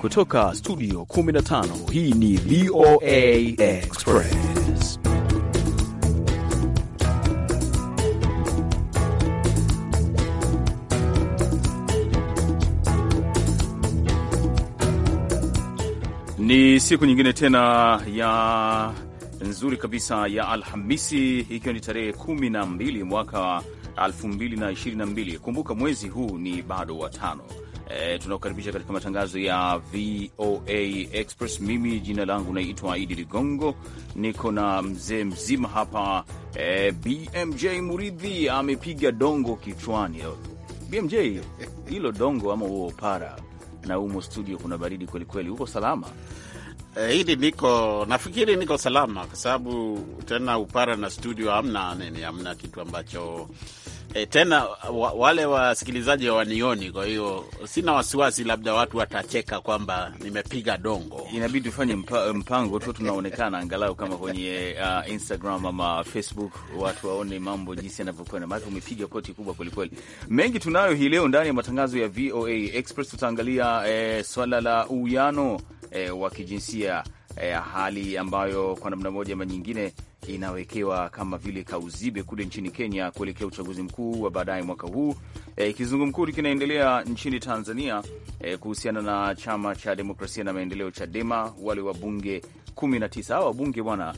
Kutoka studio 15 hii ni VOA Express. Ni siku nyingine tena ya nzuri kabisa ya Alhamisi, ikiwa ni tarehe 12 mwaka 2022. Kumbuka mwezi huu ni bado watano E, tunakukaribisha katika matangazo ya VOA Express. Mimi jina langu naitwa Idi Ligongo, niko na mzee mzima hapa e, eh, BMJ Muridhi amepiga dongo kichwani. BMJ, hilo dongo ama huo upara, Na umo studio kuna baridi kwelikweli, huko salama? Hili eh, niko nafikiri niko salama, kwa sababu tena upara na studio hamna nini, hamna kitu ambacho E, tena wa, wale wasikilizaji hawanioni, kwa hiyo sina wasiwasi, labda watu watacheka kwamba nimepiga dongo. Inabidi tufanye mpa, mpango tu tunaonekana angalau kama kwenye uh, Instagram ama Facebook, watu waone mambo jinsi yanavyokwenda, maana umepiga koti kubwa kwelikweli. Mengi tunayo hii leo ndani ya matangazo ya VOA Express. Tutaangalia eh, swala la uwiano eh, wa kijinsia eh, hali ambayo kwa namna moja ama nyingine inawekewa kama vile kauzibe kule nchini Kenya kuelekea uchaguzi mkuu wa baadaye mwaka huu. E, eh, kizungumkuti kinaendelea nchini Tanzania e, kuhusiana na chama cha demokrasia na maendeleo Chadema, wale wabunge 19 hawa wabunge bwana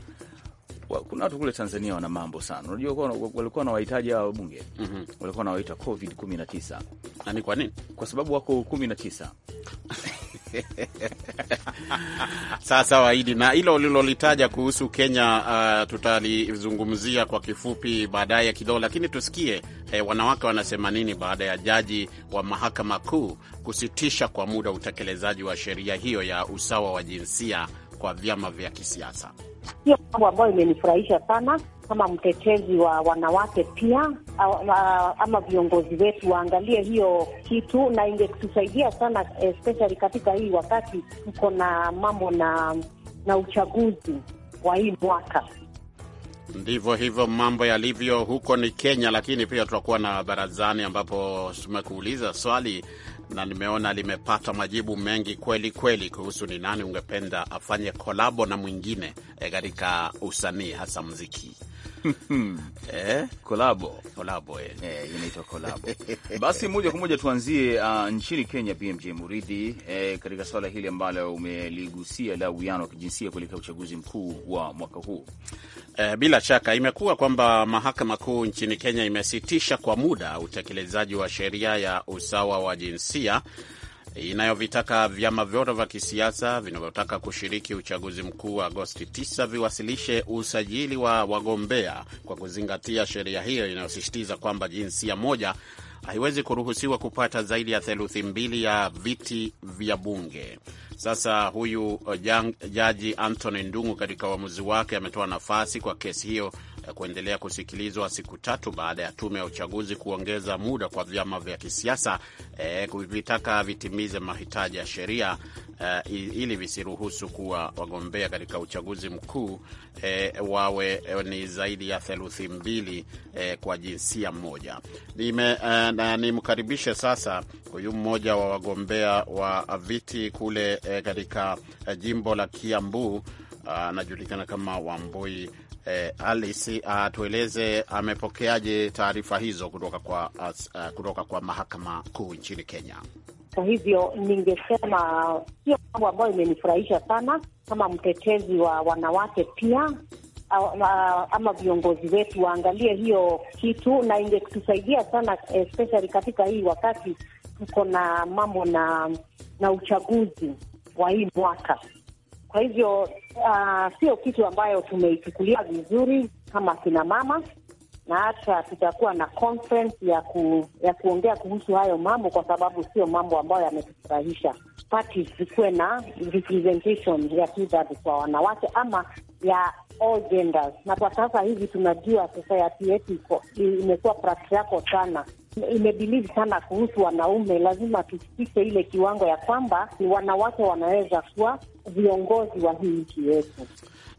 kuna watu kule Tanzania wana mambo sana. Unajua walikuwa nawahitaji hawa wabunge mm -hmm. walikuwa nawaita COVID 19 na ni kwa nini? Kwa sababu wako 19 Sasa Waidi, na hilo ulilolitaja kuhusu Kenya uh, tutalizungumzia kwa kifupi baadaye kidogo, lakini tusikie eh, wanawake wanasema nini baada ya jaji wa mahakama kuu kusitisha kwa muda utekelezaji wa sheria hiyo ya usawa wa jinsia kwa vyama vya kisiasa. Hiyo mambo ambayo imenifurahisha sana kama mtetezi wa wanawake pia ama viongozi wetu waangalie hiyo kitu, na ingetusaidia sana especially katika hii wakati tuko na mambo na na uchaguzi wa hii mwaka. Ndivyo hivyo mambo yalivyo huko ni Kenya, lakini pia tutakuwa na barazani, ambapo tumekuuliza swali na nimeona limepata majibu mengi kweli kweli, kuhusu ni nani ungependa afanye kolabo na mwingine eh, katika usanii, hasa mziki. eh, kolabo kolabo, eh. eh inaitwa kolabo basi moja kwa moja tuanzie uh, nchini Kenya, BMJ Muridhi, eh, katika swala hili ambalo umeligusia la uwiano wa kijinsia kuelekea uchaguzi mkuu wa mwaka huu. Eh, bila shaka imekuwa kwamba mahakama kuu nchini Kenya imesitisha kwa muda utekelezaji wa sheria ya usawa wa jinsia inayovitaka vyama vyote vya kisiasa vinavyotaka kushiriki uchaguzi mkuu wa Agosti 9 viwasilishe usajili wa wagombea kwa kuzingatia sheria hiyo inayosisitiza kwamba jinsia moja haiwezi kuruhusiwa kupata zaidi ya theluthi mbili ya viti vya bunge. Sasa huyu eh, Jaji Anthony Ndung'u katika uamuzi wake ametoa nafasi kwa kesi hiyo kuendelea kusikilizwa siku tatu baada ya tume ya uchaguzi kuongeza muda kwa vyama vya kisiasa e, kuvitaka vitimize mahitaji ya sheria e, ili visiruhusu kuwa wagombea katika uchaguzi mkuu e, wawe e, ni zaidi ya theluthi mbili e, kwa jinsia moja. Nime, e, na nimkaribishe sasa huyu mmoja wa wagombea wa viti kule e, katika e, jimbo la Kiambu anajulikana kama Wambui eh, Alice atueleze ah, amepokeaje taarifa hizo kutoka kwa, uh, kutoka kwa mahakama kuu nchini Kenya. Kwa hivyo ningesema hiyo mambo ambayo imenifurahisha sana kama mtetezi wa wanawake pia ah, ama viongozi wetu waangalie hiyo kitu, na ingetusaidia sana especially katika hii wakati tuko na mambo na na uchaguzi wa hii mwaka. Kwa hivyo uh, sio kitu ambayo tumeichukulia vizuri kama kina mama, na hata tutakuwa na conference ya, ku, ya kuongea kuhusu hayo mambo, kwa sababu sio mambo ambayo yametufurahisha. Pati zikuwe na representation ya two kwa wanawake ama ya all genders, na kwa sasa hivi tunajua society yetu imekuwa practical sana imebelieve sana kuhusu wanaume. Lazima tufikishe ile kiwango ya kwamba ni wanawake wanaweza kuwa viongozi wa hii nchi yetu.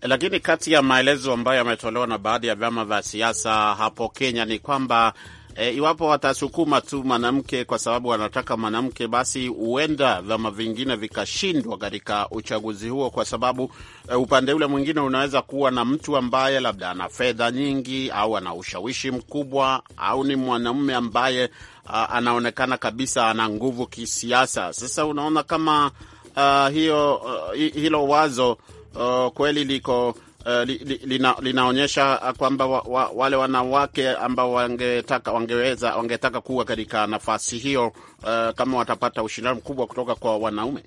Lakini kati ya maelezo ambayo yametolewa na baadhi ya vyama vya siasa hapo Kenya ni kwamba e, iwapo watasukuma tu mwanamke kwa sababu wanataka mwanamke, basi huenda vyama vingine vikashindwa katika uchaguzi huo, kwa sababu e, upande ule mwingine unaweza kuwa na mtu ambaye labda ana fedha nyingi au ana ushawishi mkubwa au ni mwanamume ambaye a, anaonekana kabisa ana nguvu kisiasa. Sasa unaona kama a, hiyo a, hilo wazo a, kweli liko uh, li, li, lina, linaonyesha kwamba wa, wa, wale wanawake ambao wangetaka wangeweza wangetaka kuwa katika nafasi hiyo uh, kama watapata ushindani mkubwa kutoka kwa wanaume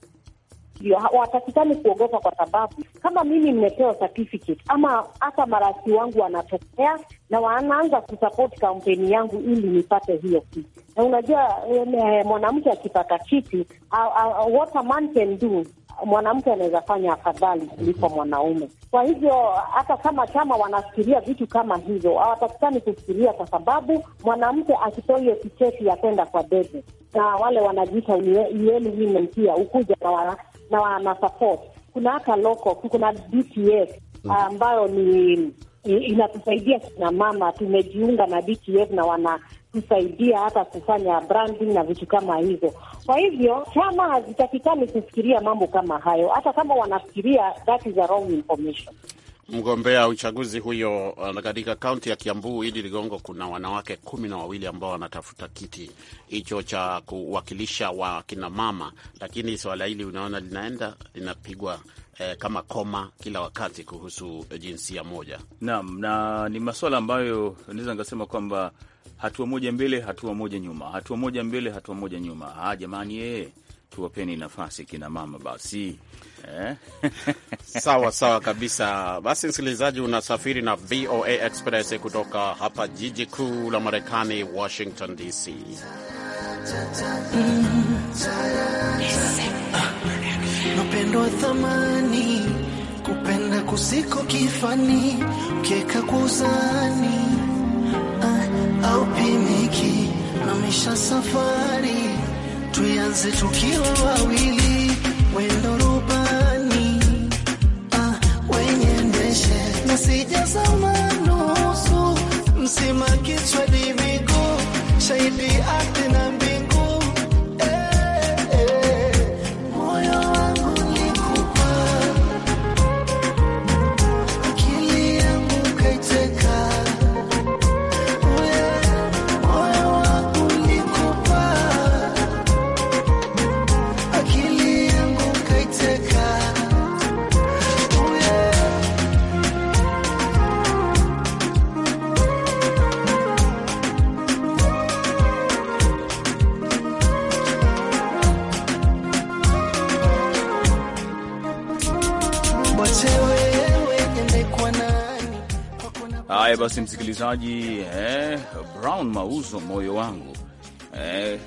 watakitani kuogopa kwa sababu kama mimi nimepewa certificate ama hata marafiki wangu wanatokea na wanaanza kusupport kampeni yangu ili nipate hiyo kitu. Na unajua eh, mwanamke akipata kiti what a man can do mwanamke anaweza fanya afadhali kuliko mwanaume. Kwa hivyo hata kama chama wanafikiria vitu kama hivyo, hawatakikani kufikiria, kwa sababu mwanamke akitoa hiyo tiketi ya kwenda kwa debe, na wale wanajiita UN women pia hukuja na wana, na wanasupport. Kuna hata loko, kuna DTF ambayo ni inatusaidia kina mama. Tumejiunga na DTF na wana kusaidia hata kufanya branding na vitu kama hizo. Kwa hivyo chama hazitakikani kufikiria mambo kama hayo, hata kama wanafikiria, that is a wrong information. Mgombea uchaguzi huyo uh, katika kaunti ya Kiambu, Idi Ligongo, kuna wanawake kumi na wawili ambao wanatafuta kiti hicho cha kuwakilisha wakinamama, lakini swala hili unaona linaenda linapigwa eh, kama koma kila wakati kuhusu jinsia moja. Naam, na ni maswala ambayo naweza nikasema kwamba hatua moja mbele, hatua moja nyuma, hatua moja mbele, hatua moja nyuma. Ah, jamani ee tuwapeni nafasi kina mama basi eh? Sawa sawa kabisa. Basi msikilizaji, unasafiri na VOA Express kutoka hapa jiji kuu la Marekani, Washington DC. Mapendo thamani, kupenda kusiko kifani, kwa uzani haupimiki na misha safari, tuanze tukiwa wawili, wendo rubani ah, wenye ndeshe nasijazama nusu msima kichwa di shaidi shahidi Basi msikilizaji, eh, Brown mauzo moyo wangu eh,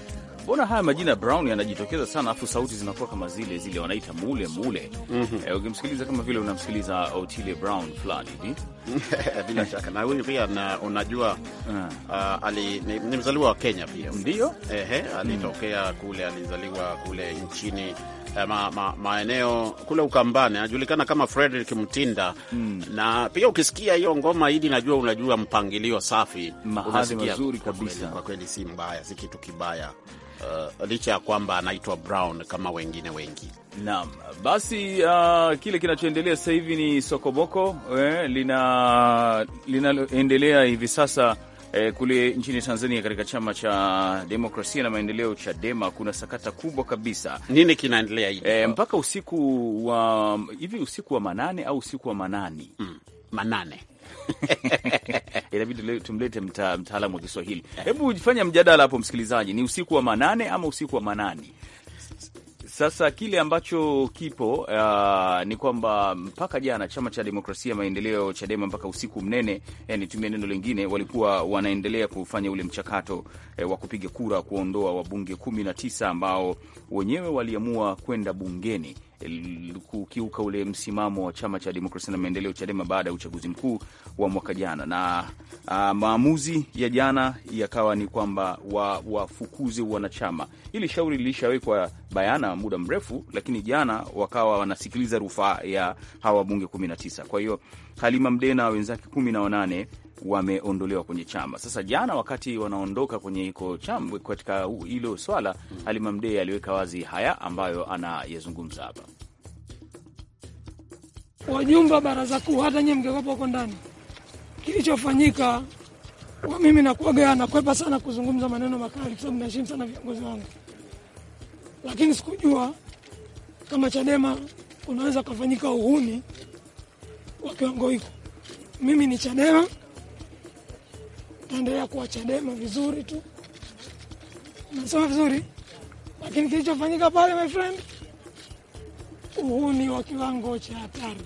mbona haya majina Brown yanajitokeza sana, afu sauti zinakuwa kama zile zile, wanaita mule mule. mm -hmm. Eh, ukimsikiliza kama vile unamsikiliza Otile Brown fulani hivi bila shaka. Na huyu pia na, unajua uh, ali, ni, ni mzaliwa wa Kenya pia ndio, ehe, alitokea mm. kule, alizaliwa kule nchini Eh, ma, ma, maeneo kule Ukambani, anajulikana kama Frederick Mtinda mm. na pia ukisikia hiyo ngoma hidi najua unajua mpangilio safi, mahali mazuri kabisa. Kwa kweli si mbaya, si kitu kibaya. Uh, licha ya kwamba anaitwa Brown kama wengine wengi. Naam, basi uh, kile kinachoendelea sasa hivi ni sokomoko eh, lina linaloendelea hivi sasa E, kule nchini Tanzania katika chama cha demokrasia na maendeleo Chadema kuna sakata kubwa kabisa. Nini kinaendelea hivi? E, mpaka usiku wa hivi usiku wa manane au usiku wa manani mm, manane inabidi tumlete mtaalamu wa Kiswahili. Hebu fanya mjadala hapo, msikilizaji, ni usiku wa manane ama usiku wa manani? Sasa kile ambacho kipo uh, ni kwamba mpaka jana chama cha demokrasia maendeleo Chadema mpaka usiku mnene, eh, nitumie neno lingine, walikuwa wanaendelea kufanya ule mchakato eh, wa kupiga kura kuondoa wabunge kumi na tisa ambao wenyewe waliamua kwenda bungeni kukiuka ule msimamo wa chama cha demokrasia na maendeleo CHADEMA baada ya uchaguzi mkuu wa mwaka jana, na uh, maamuzi ya jana yakawa ni kwamba wafukuze wa wanachama. Hili shauri lilishawekwa bayana muda mrefu, lakini jana wakawa wanasikiliza rufaa ya hawa wabunge 19. Kwa hiyo Halima Mdena wenzake kumi na wanane wameondolewa kwenye chama. Sasa jana wakati wanaondoka kwenye iko chama, katika hilo swala Halima Mdee aliweka wazi haya ambayo anayazungumza hapa. Wajumbe wa baraza kuu, hata nyie mgekwepo huko ndani, kilichofanyika kwa mimi nakuaga, nakwepa sana kuzungumza maneno makali kwa sababu naheshimu sana viongozi wangu, lakini sikujua kama Chadema unaweza ukafanyika uhuni wa kiwango hiko. Mimi ni Chadema tutaendelea kuwa Chadema vizuri tu, nasema vizuri, lakini kilichofanyika pale, my friend, uhuni wa kiwango cha hatari.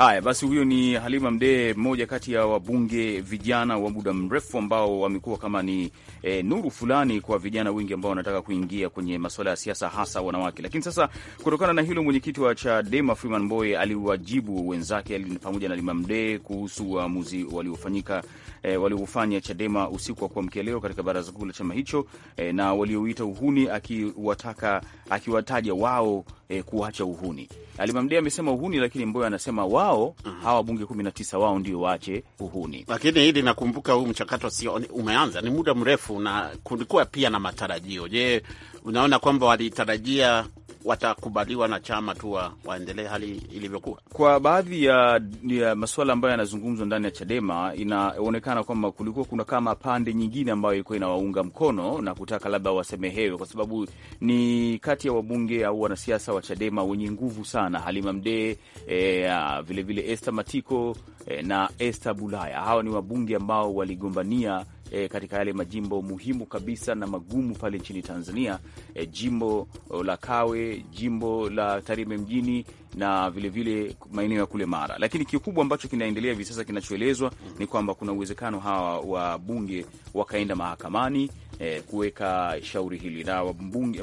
Haya basi, huyo ni Halima Mdee, mmoja kati ya wabunge vijana wa muda mrefu ambao wamekuwa kama ni e, nuru fulani kwa vijana wengi ambao wanataka kuingia kwenye masuala ya siasa, hasa wanawake. Lakini sasa kutokana na hilo, mwenyekiti wa Chadema Freeman Mbowe aliwajibu wenzake pamoja na Halima Mdee kuhusu uamuzi waliofanyika e, waliofanya Chadema usiku wa kuamkia leo katika baraza kuu la chama hicho e, na walioita uhuni, akiwataka akiwataja wao e, kuacha uhuni. Halima Mdee amesema uhuni, lakini Mbowe anasema wao wao mm. hawa wabunge kumi na tisa wao ndio waache uhuni. Lakini hili nakumbuka, huu mchakato sio umeanza, ni muda mrefu na kulikuwa pia na matarajio. Je, unaona kwamba walitarajia watakubaliwa na chama tu waendelee hali ilivyokuwa. Kwa baadhi ya, ya masuala ambayo yanazungumzwa ndani ya Chadema, inaonekana kwamba kulikuwa kuna kama pande nyingine ambayo ilikuwa inawaunga mkono na kutaka labda wasemehewe, kwa sababu ni kati ya wabunge au wanasiasa wa Chadema wenye nguvu sana, Halima Mdee vilevile eh, ah, Esther Matiko e, na Esther Bulaya. Hawa ni wabunge ambao waligombania e, katika yale majimbo muhimu kabisa na magumu pale nchini Tanzania, e, jimbo la Kawe, jimbo la Tarime mjini na vilevile maeneo ya kule Mara. Lakini kikubwa ambacho kinaendelea hivi sasa kinachoelezwa ni kwamba kuna uwezekano hawa wa bunge wakaenda mahakamani eh, kuweka shauri hili. Na mbunge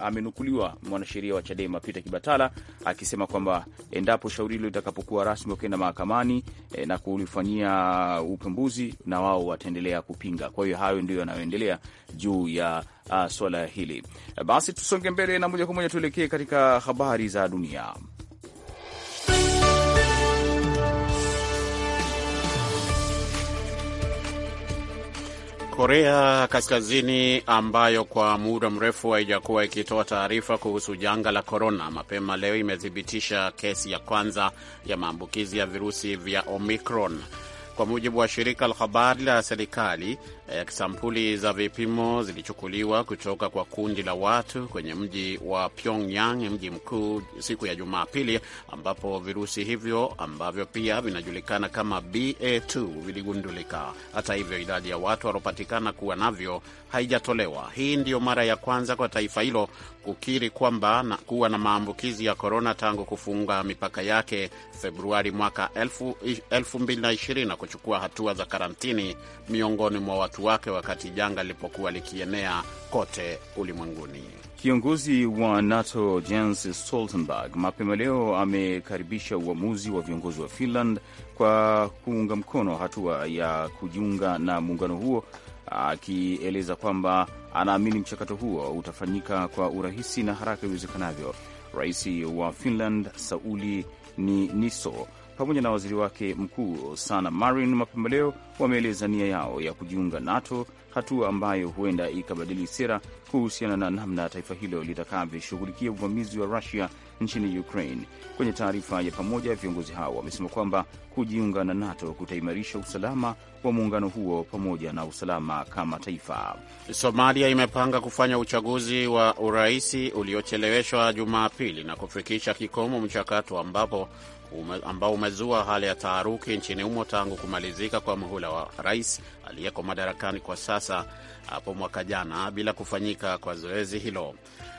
amenukuliwa mwanasheria wa Chadema Peter Kibatala akisema kwamba endapo shauri hilo litakapokuwa rasmi wakienda mahakamani eh, na kulifanyia upembuzi, na wao wataendelea kupinga. Kwa hiyo hayo ndio yanayoendelea juu ya uh, swala hili. Basi tusonge mbele na moja kwa moja tuelekee katika habari za dunia. Korea Kaskazini ambayo kwa muda mrefu haijakuwa ikitoa taarifa kuhusu janga la korona, mapema leo imethibitisha kesi ya kwanza ya maambukizi ya virusi vya Omicron. Kwa mujibu wa shirika la habari la serikali, Eh, sampuli za vipimo zilichukuliwa kutoka kwa kundi la watu kwenye mji wa Pyongyang, mji mkuu, siku ya Jumapili, ambapo virusi hivyo ambavyo pia vinajulikana kama BA2 viligundulika. Hata hivyo, idadi ya watu waliopatikana kuwa navyo haijatolewa. Hii ndiyo mara ya kwanza kwa taifa hilo kukiri kwamba na kuwa na maambukizi ya korona tangu kufunga mipaka yake Februari mwaka 2020 na kuchukua hatua za karantini miongoni mwa watu watu wake wakati janga lilipokuwa likienea kote ulimwenguni. Kiongozi wa NATO Jens Stoltenberg mapema leo amekaribisha uamuzi wa viongozi wa Finland kwa kuunga mkono hatua ya kujiunga na muungano huo, akieleza kwamba anaamini mchakato huo utafanyika kwa urahisi na haraka iwezekanavyo. Rais wa Finland Sauli Niinisto pamoja na waziri wake mkuu Sana Marin mapema leo wameeleza nia yao ya kujiunga NATO, hatua ambayo huenda ikabadili sera kuhusiana na namna taifa hilo litakavyoshughulikia uvamizi wa Rusia nchini Ukraine. Kwenye taarifa ya pamoja, viongozi hao wamesema kwamba kujiunga na NATO kutaimarisha usalama wa muungano huo pamoja na usalama kama taifa. Somalia imepanga kufanya uchaguzi wa uraisi uliocheleweshwa Jumapili na kufikisha kikomo mchakato ambapo ume, ambao umezua hali ya taharuki nchini humo tangu kumalizika kwa muhula wa rais aliyeko madarakani kwa sasa hapo mwaka jana bila kufanyika kwa zoezi hilo.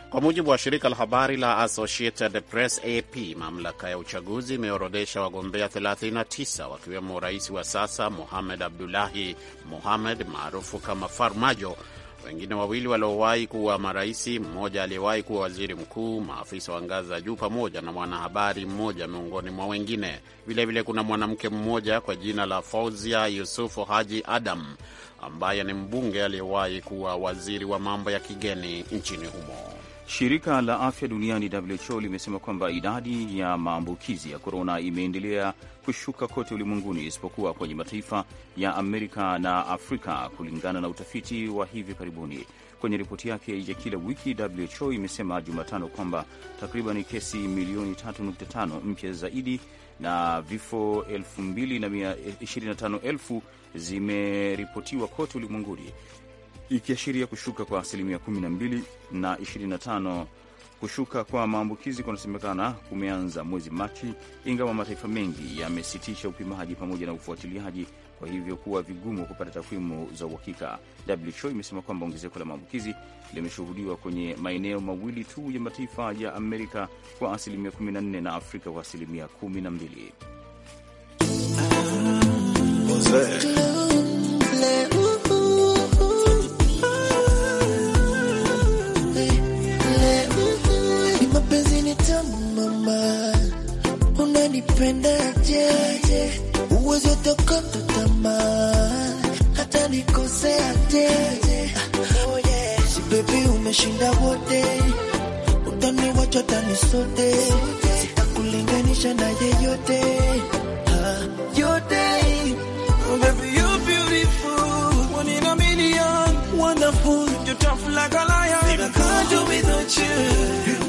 Kwa mujibu wa shirika la habari la Associated Press, AP, mamlaka ya uchaguzi imeorodesha wagombea 39 wakiwemo rais wa sasa Mohamed Abdullahi Mohamed maarufu kama Farmajo, wengine wawili waliowahi kuwa maraisi, mmoja aliyewahi kuwa waziri mkuu, maafisa wa ngazi za juu, pamoja na mwanahabari mmoja miongoni mwa wengine. Vilevile kuna mwanamke mmoja kwa jina la Fauzia Yusufu Haji Adam ambaye ni mbunge aliyewahi kuwa waziri wa mambo ya kigeni nchini humo. Shirika la afya duniani WHO limesema kwamba idadi ya maambukizi ya korona imeendelea kushuka kote ulimwenguni isipokuwa kwenye mataifa ya Amerika na Afrika, kulingana na utafiti wa hivi karibuni. Kwenye ripoti yake ya kila wiki, WHO imesema Jumatano kwamba takriban kesi milioni 3.5 mpya zaidi na vifo 225 zimeripotiwa kote ulimwenguni ikiashiria kushuka kwa asilimia 12 na 25. Kushuka kwa maambukizi kunasemekana kumeanza mwezi Machi, ingawa mataifa mengi yamesitisha upimaji pamoja na ufuatiliaji, kwa hivyo kuwa vigumu kupata takwimu za uhakika. WHO imesema kwamba ongezeko la maambukizi limeshuhudiwa kwenye maeneo mawili tu ya mataifa ya Amerika kwa asilimia 14 na Afrika kwa asilimia 12. unipendaje, uwezi kukata tamaa hata nikoseaje. Oh yeah. Si baby umeshinda wote, utaniwacha tani sote, sitakulinganisha na yeyote yote oh baby you beautiful, one in a million, wonderful, you're tough like a lion, I can't do without you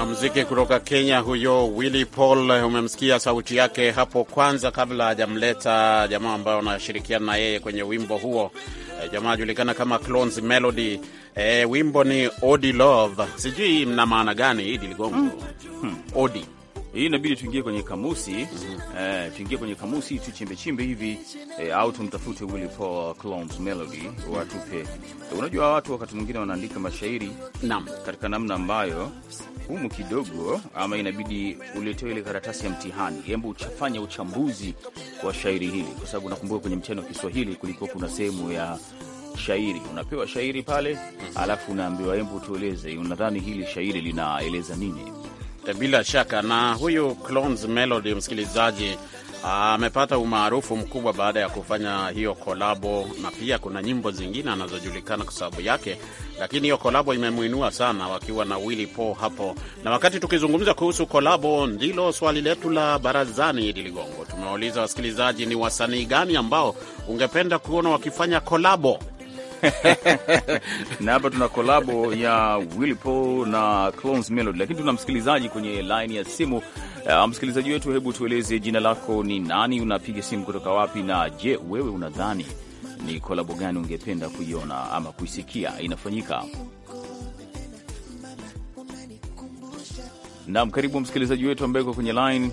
Mwanamuziki kutoka Kenya huyo Willy Paul, umemsikia sauti yake hapo kwanza, kabla hajamleta jamaa ambayo anashirikiana na yeye kwenye wimbo huo. E, Jamaa ajulikana kama Clones Melody. E, wimbo ni Odi Love. Sijui mna maana gani hii diligongo mm. hmm. Odi hii inabidi tuingie kwenye kamusi mm -hmm. eh, tuingie kwenye kamusi tuchimbechimbe hivi eh, au tumtafute Willy Paul Clones Melody watupe. Unajua watu wakati mwingine wanaandika mashairi naam, katika namna ambayo ngumu kidogo, ama inabidi uletewe ile karatasi ya mtihani, hebu uchafanye uchambuzi wa shairi hili, kwa sababu nakumbuka kwenye mtihani wa Kiswahili kulikuwa kuna sehemu ya shairi unapewa shairi pale, alafu unaambiwa hebu tueleze, unadhani hili shairi linaeleza nini? Eh, bila shaka na huyu Clones Melody, msikilizaji, amepata umaarufu mkubwa baada ya kufanya hiyo kolabo, na pia kuna nyimbo zingine anazojulikana kwa sababu yake, lakini hiyo kolabo imemwinua sana, wakiwa na Willy Paul hapo. Na wakati tukizungumza kuhusu kolabo, ndilo swali letu la barazani hili ligongo. Tumewauliza wasikilizaji, ni wasanii gani ambao ungependa kuona wakifanya kolabo? na hapa tuna kolabo ya Willy Paul na Clones Melody, lakini tuna msikilizaji kwenye laini ya simu. Uh, msikilizaji wetu, hebu tueleze jina lako ni nani, unapiga simu kutoka wapi, na je, wewe unadhani ni kolabo gani ungependa kuiona ama kuisikia inafanyika? Naam, karibu msikilizaji wetu ambaye uko kwenye line.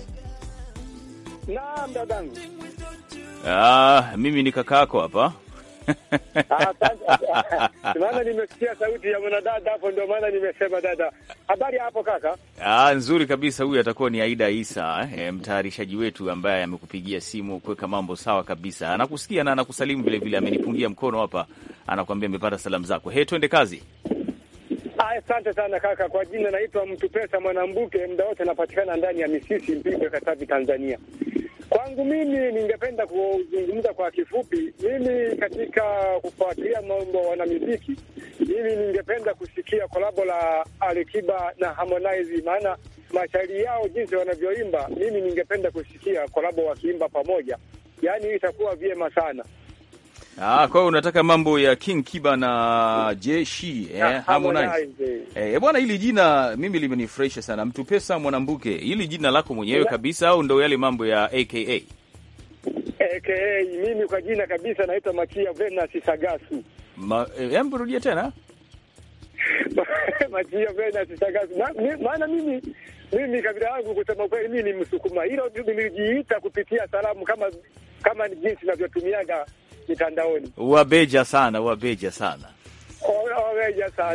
Naam dadangu, ah, mimi ni kakako hapa Ah, maana nimesikia sauti ya mwanadada hapo, ndio maana nimesema dada. Habari hapo kaka? Ah, nzuri kabisa. Huyu atakuwa ni Aida Isa eh, mtayarishaji wetu ambaye amekupigia simu kuweka mambo sawa kabisa. Anakusikia na anakusalimu vile vile, amenipungia mkono hapa, anakuambia amepata salamu zako. Hey, twende kazi. Ah, asante sana kaka. Kwa jina naitwa Mtu Pesa Mwanambuke, muda wote anapatikana ndani ya misisi Mpiga, Katavi, Tanzania. Kwangu mimi ningependa kuzungumza kwa kifupi. Mimi katika kufuatilia mambo wanamuziki, mimi ningependa kusikia kolabo la Alikiba na Harmonize, maana mashairi yao jinsi wanavyoimba, mimi ningependa kusikia kolabo wakiimba pamoja, yaani itakuwa vyema sana. Ah, kwa hiyo unataka mambo ya King Kiba na Jeshi eh, Harmonize. Eh, eh, bwana hili jina mimi limenifurahisha sana. Mtu pesa mwanambuke. Hili jina lako mwenyewe kabisa au ndio yale mambo ya AKA? AKA mimi kwa jina kabisa naitwa Machia Venus Sagasu. Ma, eh, mrudia tena? Machia Venus Sagasu. Maana mimi mimi kabila yangu kusema kweli mimi ni Msukuma. Hilo nilijiita kupitia salamu kama kama jinsi ninavyotumiaga mitandaoni. Wabeja sana, wabeja sana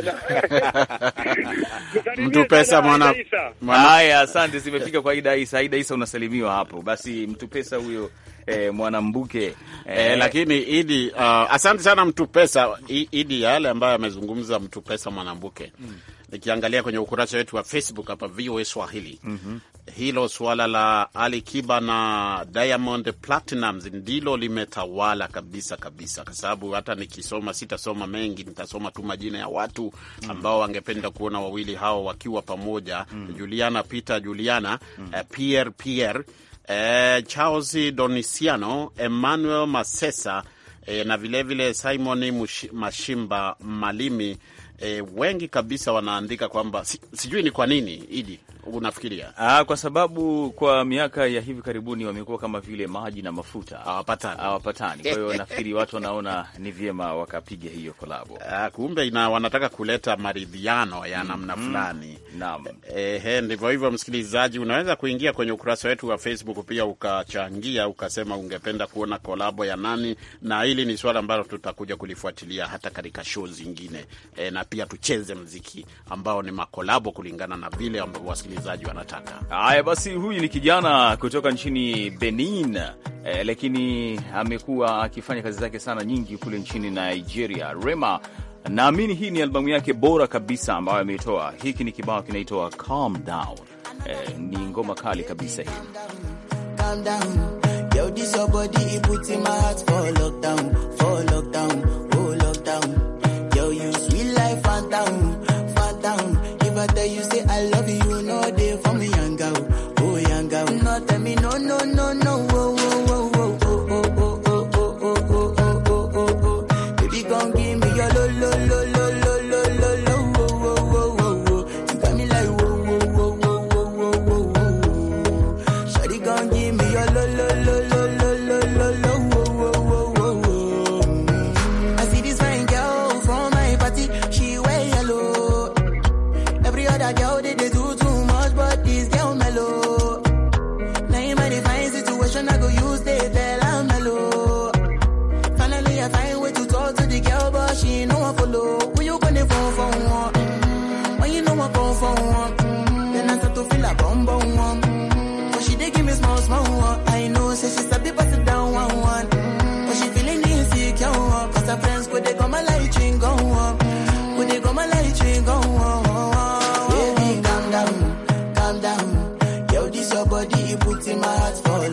mtu pesa mwana haya, asante, zimefika kwa Ida Isa. Ida Isa, unasalimiwa hapo. Basi mtu pesa huyo eh, mwanambuke eh, eh, lakini Idi uh, asante sana mtu pesa Idi, yale ambayo amezungumza mtu pesa mwanambuke mm nikiangalia kwenye ukurasa wetu wa Facebook hapa VOA Swahili mm -hmm. hilo suala la Ali Kiba na Diamond Platinumz ndilo limetawala kabisa kabisa, kwa sababu hata nikisoma sitasoma mengi, nitasoma tu majina ya watu mm. ambao wangependa kuona wawili hao wakiwa pamoja mm -hmm. Juliana Peter Juliana mm -hmm. Pierre Pierre eh, Charles Donisiano Emmanuel Masesa eh, na vilevile Simon Mashimba Malimi e, wengi kabisa wanaandika kwamba si, sijui ni kwa nini idi unafikiria? Ah, kwa sababu kwa miaka ya hivi karibuni wamekuwa kama vile maji na mafuta hawapatani, hawapatani. Kwa hiyo nafikiri watu wanaona ni vyema wakapiga hiyo kolabo. Ah, kumbe ina wanataka kuleta maridhiano ya mm-hmm. namna mm -hmm. fulani. Naam, ehe, ndivyo hivyo. Msikilizaji, unaweza kuingia kwenye ukurasa wetu wa Facebook pia ukachangia, ukasema ungependa kuona kolabo ya nani, na hili ni swala ambalo tutakuja kulifuatilia hata katika show zingine e, na pia tucheze mziki ambao ni makolabo kulingana na vile ambavyo wasikilizaji wanataka. Haya basi, huyu ni kijana kutoka nchini Benin eh, lakini amekuwa akifanya kazi zake sana nyingi kule nchini Nigeria. Rema, naamini hii ni albamu yake bora kabisa ambayo ameitoa. Hiki ni kibao kinaitwa Calm Down. Eh, ni ngoma kali kabisa hii. Calm down. no, tell me no, no, no, no. in my heart for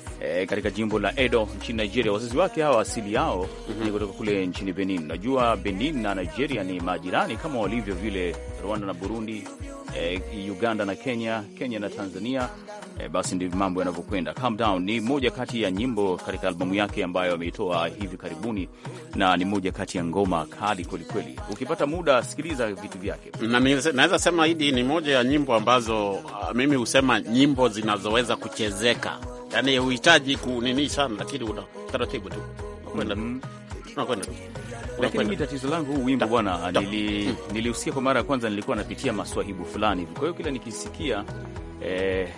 e, katika jimbo la Edo nchini Nigeria. Wazazi wake hawa asili yao mm -hmm. ni kutoka kule nchini Benin. Najua Benin na Nigeria ni majirani kama walivyo vile Rwanda na Burundi, e, Uganda na Kenya, Kenya na Tanzania. E, basi ndivyo mambo yanavyokwenda. Calm Down ni moja kati ya nyimbo katika albamu yake ambayo ameitoa hivi karibuni, na ni moja kati ya ngoma kali kwelikweli. Ukipata muda, sikiliza vitu vyake. Naweza sema hidi ni moja ya nyimbo ambazo ah, mimi husema nyimbo zinazoweza kuchezeka yani huhitaji kunini sana, lakini una taratibu tu unakwenda mm -hmm. unakwenda tu lakini mi tatizo langu huu wimbo bwana, nili, mm. kwa mara ya kwanza, nilikuwa napitia maswahibu fulani hivi, kwa hiyo kila nikisikia eh,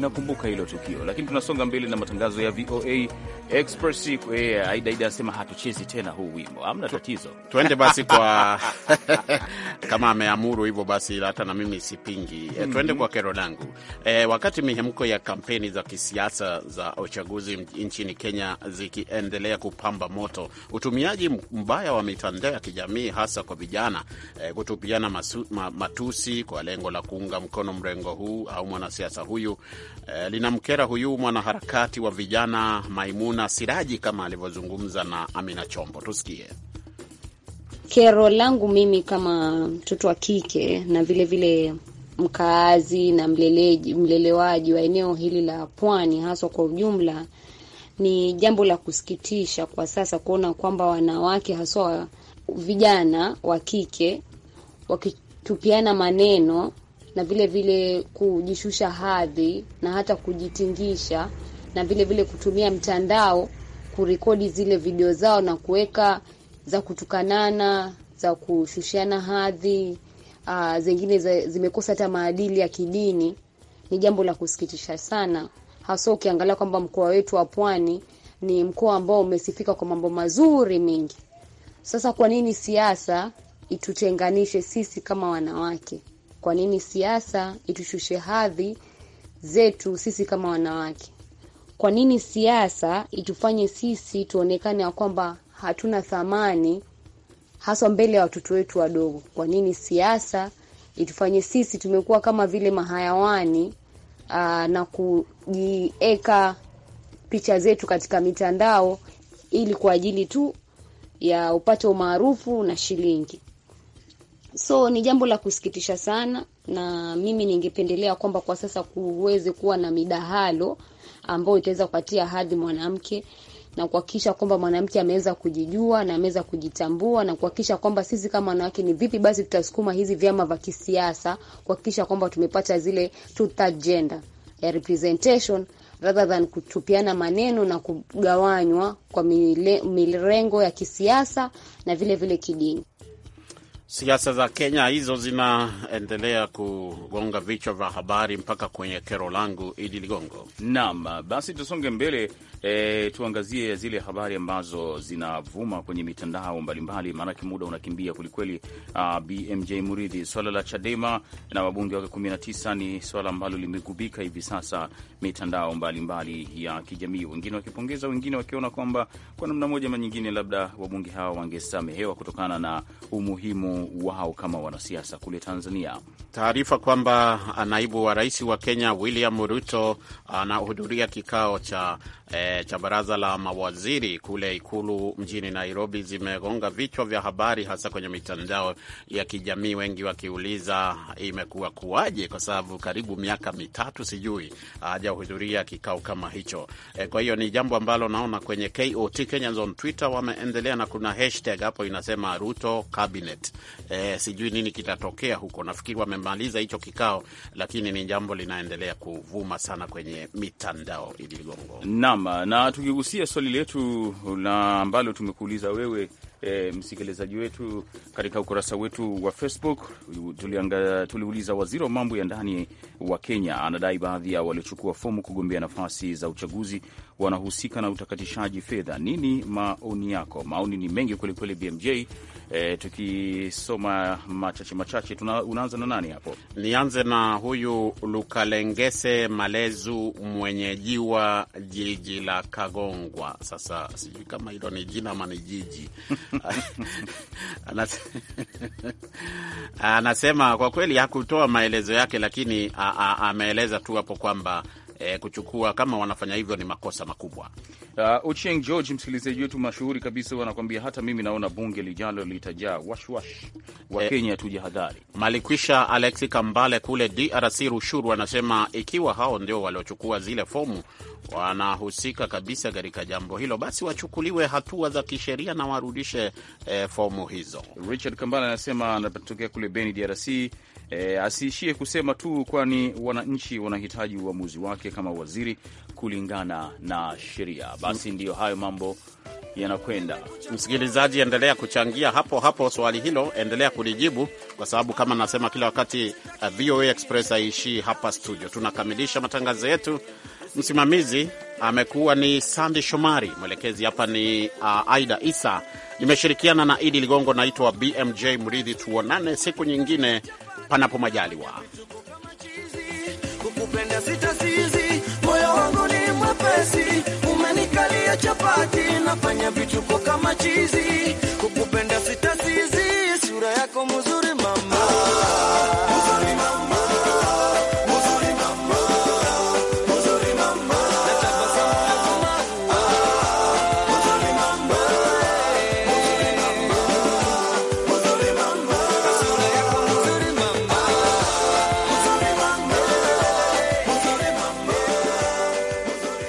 nakumbuka hilo tukio. Lakini tunasonga mbele na matangazo ya VOA Express. Eh, Aida Aida anasema hatuchezi tena huu wimbo, hamna tatizo, twende basi kwa kama ameamuru hivyo basi hata na mimi sipingi. -hmm. Eh, tuende kwa kero langu. E, wakati mihemko ya kampeni za kisiasa za uchaguzi nchini Kenya zikiendelea kupamba moto, utumiaji mbaya wa mitandao ya kijamii hasa kwa vijana e, kutupiana masu, ma, matusi kwa lengo la kuunga mkono mrengo huu au mwanasiasa huyu e, linamkera huyu mwanaharakati wa vijana Maimuna Siraji kama alivyozungumza na Amina Chombo, tusikie. Kero langu mimi kama mtoto wa kike na vile vile mkaazi na mleleji, mlelewaji wa eneo hili la pwani haswa kwa ujumla, ni jambo la kusikitisha kwa sasa kuona kwamba wanawake haswa vijana wa kike wakitupiana maneno na vile vile kujishusha hadhi na hata kujitingisha na vile vile kutumia mtandao kurekodi zile video zao na kuweka za kutukanana, za kushushiana hadhi, uh, zingine za, zimekosa hata maadili ya kidini. Ni jambo la kusikitisha sana, hasa ukiangalia kwamba mkoa wetu wa Pwani ni mkoa ambao umesifika kwa mambo mazuri mengi. Sasa kwa nini siasa itutenganishe sisi kama wanawake? Kwa nini siasa itushushe hadhi zetu sisi kama wanawake? Kwa nini siasa itufanye sisi tuonekane ya kwamba hatuna thamani haswa mbele ya watoto wetu wadogo. Kwa nini siasa itufanye sisi tumekuwa kama vile mahayawani aa, na kujieka picha zetu katika mitandao ili kwa ajili tu ya upate umaarufu na shilingi. So ni jambo la kusikitisha sana, na mimi ningependelea kwamba kwa sasa kuweze kuwa na midahalo ambayo itaweza kupatia hadhi mwanamke na kuhakikisha kwamba mwanamke ameweza kujijua na ameweza kujitambua na kuhakikisha kwamba sisi kama wanawake ni vipi basi tutasukuma hizi vyama vya kisiasa kuhakikisha kwamba tumepata zile two third gender representation rather than kutupiana maneno na kugawanywa kwa milengo ya kisiasa na vile vile kidini. Siasa za Kenya hizo zinaendelea kugonga vichwa vya habari mpaka kwenye kero langu, Idi Ligongo. Naam, basi tusonge mbele. E, tuangazie zile habari ambazo zinavuma kwenye mitandao mbalimbali, maanake muda unakimbia kwelikweli. Uh, ah, BMJ Muridhi, swala la Chadema na wabunge wake 19 ni swala ambalo limegubika hivi sasa mitandao mbalimbali mbali ya kijamii, wengine wakipongeza, wengine wakiona kwamba kwa namna moja ama nyingine labda wabunge hawa wangesamehewa kutokana na umuhimu wao kama wanasiasa kule Tanzania. Taarifa kwamba ah, naibu wa rais wa Kenya William Ruto anahudhuria kikao cha e, cha baraza la mawaziri kule ikulu mjini Nairobi zimegonga vichwa vya habari, hasa kwenye mitandao ya kijamii, wengi wakiuliza imekuwa kuwaje, kwa sababu karibu miaka mitatu sijui hajahudhuria kikao kama hicho. E, kwa hiyo ni jambo ambalo naona kwenye KOT Kenyans on Twitter wameendelea na kuna hashtag hapo inasema Ruto cabinet. E, sijui nini kitatokea huko. Nafikiri wamemaliza hicho kikao, lakini ni jambo linaendelea kuvuma sana kwenye mitandao iligongo. Naam. Naam, na tukigusia swali letu la ambalo tumekuuliza wewe e, msikilizaji wetu katika ukurasa wetu wa Facebook tulianga, tuliuliza waziri wa mambo ya ndani wa Kenya anadai baadhi ya waliochukua fomu kugombea nafasi za uchaguzi wanahusika na utakatishaji fedha. Nini maoni yako? Maoni ni mengi kwelikweli, BMJ e, tukisoma machache machache. Unaanza na nani hapo? Nianze na huyu Lukalengese Malezu mwenye jiwa jiji la Kagongwa. Sasa sijui kama hilo ni jina ama ni jiji anasema kwa kweli hakutoa maelezo yake, lakini ameeleza tu hapo kwamba e, kuchukua kama wanafanya hivyo ni makosa makubwa. Uh, Ucheng George, msikilizaji wetu mashuhuri kabisa, wanakwambia hata mimi naona bunge lijalo litajaa washwash wa eh, Kenya hatujahadhari. Malikwisha Alexi Kambale kule DRC Rushuru anasema ikiwa hao ndio waliochukua zile fomu wanahusika kabisa katika jambo hilo, basi wachukuliwe hatua za kisheria na warudishe e, fomu hizo. Richard Kambale anasema anatokea kule Beni, DRC. E, asiishie kusema tu, kwani wananchi wanahitaji uamuzi wake kama waziri kulingana na sheria. Basi ndiyo hayo mambo yanakwenda. Msikilizaji, endelea kuchangia hapo hapo, swali hilo endelea kulijibu, kwa sababu kama nasema kila wakati, uh, VOA Express haiishii hapa studio. Tunakamilisha matangazo yetu. Msimamizi amekuwa ni Sandi Shomari, mwelekezi hapa ni uh, Aida Isa, nimeshirikiana na Idi Ligongo. Naitwa BMJ Mridhi, tuonane siku nyingine panapo majaliwa. Kukupenda sitasizi, moyo wangu ni mwepesi, umenikalia chapati, nafanya vituko kama chizi